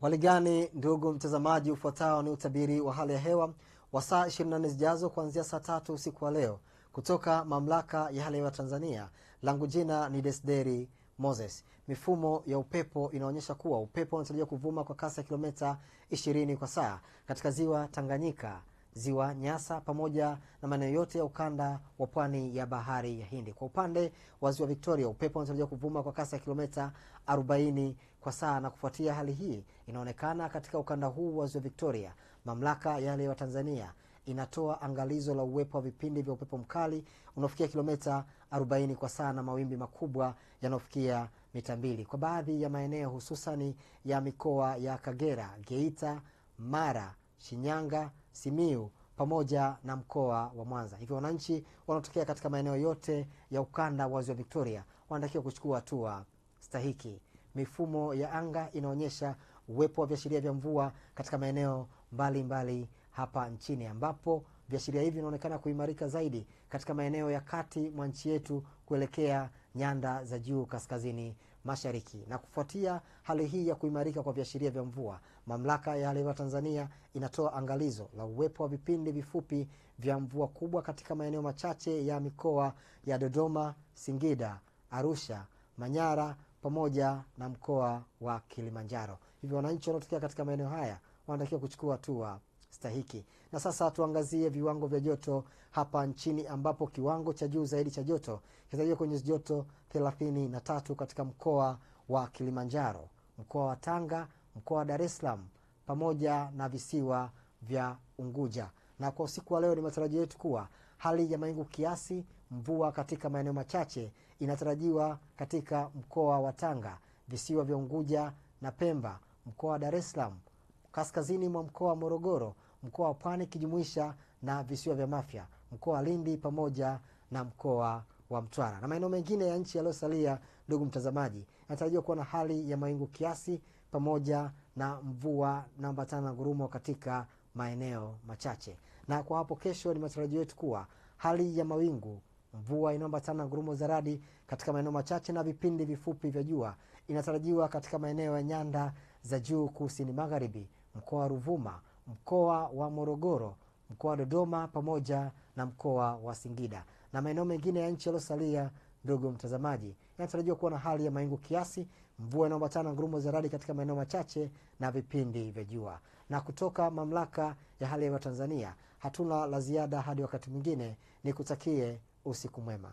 Waligani ndugu mtazamaji, ufuatao ni utabiri wa hali ya hewa wa saa 24 zijazo kuanzia saa tatu usiku wa leo kutoka mamlaka ya hali ya hewa Tanzania. Langu jina ni Desderi Moses. Mifumo ya upepo inaonyesha kuwa upepo unatarajia kuvuma kwa kasi ya kilometa 20 kwa saa katika ziwa Tanganyika ziwa Nyasa pamoja na maeneo yote ya ukanda wa pwani ya bahari ya Hindi. Kwa upande wa ziwa Victoria, upepo unatarajiwa kuvuma kwa kasi ya kilometa 40 kwa saa, na kufuatia hali hii inaonekana katika ukanda huu wa ziwa Victoria, mamlaka ya hali ya Tanzania inatoa angalizo la uwepo wa vipindi vya upepo mkali unaofikia kilometa 40 kwa saa na mawimbi makubwa yanayofikia mita mbili kwa baadhi ya maeneo hususani ya mikoa ya Kagera, Geita, Mara Shinyanga, Simiu pamoja na mkoa wa Mwanza. Hivyo wananchi wanaotokea katika maeneo yote ya ukanda wa Ziwa Victoria wanatakiwa kuchukua hatua stahiki. Mifumo ya anga inaonyesha uwepo wa viashiria vya mvua katika maeneo mbalimbali hapa nchini ambapo viashiria hivi vinaonekana kuimarika zaidi katika maeneo ya kati mwa nchi yetu kuelekea nyanda za juu kaskazini mashariki. Na kufuatia hali hii ya kuimarika kwa viashiria vya mvua, mamlaka ya hali ya Tanzania inatoa angalizo la uwepo wa vipindi vifupi vya mvua kubwa katika maeneo machache ya mikoa ya Dodoma, Singida, Arusha, Manyara pamoja na mkoa wa Kilimanjaro. Hivyo wananchi wanaotokea katika maeneo haya wanatakiwa kuchukua hatua stahiki. Na sasa tuangazie viwango vya joto hapa nchini ambapo kiwango cha juu zaidi cha joto kinatarajiwa kwenye joto 33 katika mkoa wa Kilimanjaro, mkoa wa Tanga, mkoa wa Dar es Salaam pamoja na visiwa vya Unguja. Na kwa usiku wa leo ni matarajio yetu kuwa hali ya mawingu kiasi, mvua katika maeneo machache inatarajiwa katika mkoa wa Tanga, visiwa vya Unguja na Pemba, mkoa wa Dar es Salaam kaskazini mwa mkoa wa Morogoro, mkoa wa Pwani ikijumuisha na visiwa vya Mafia, mkoa wa Lindi pamoja na mkoa wa Mtwara na maeneo mengine ya nchi yaliyosalia. Ndugu mtazamaji, natarajia kuwa na hali ya mawingu kiasi pamoja na mvua na na ngurumo katika maeneo machache. Na kwa hapo kesho, ni matarajio yetu kuwa hali ya mawingu, mvua inayoambatana na ngurumo za radi katika maeneo machache na vipindi vifupi vya jua inatarajiwa katika maeneo ya nyanda za juu kusini magharibi mkoa wa Ruvuma, mkoa wa Morogoro, mkoa wa Dodoma pamoja na mkoa wa Singida na maeneo mengine ya nchi yaliyosalia. Ndugu mtazamaji, yanatarajiwa kuwa na hali ya mawingu kiasi, mvua inaambatana na ngurumo za radi katika maeneo machache na vipindi vya jua. Na kutoka mamlaka ya hali ya hewa Tanzania, hatuna la ziada hadi wakati mwingine, nikutakie usiku mwema.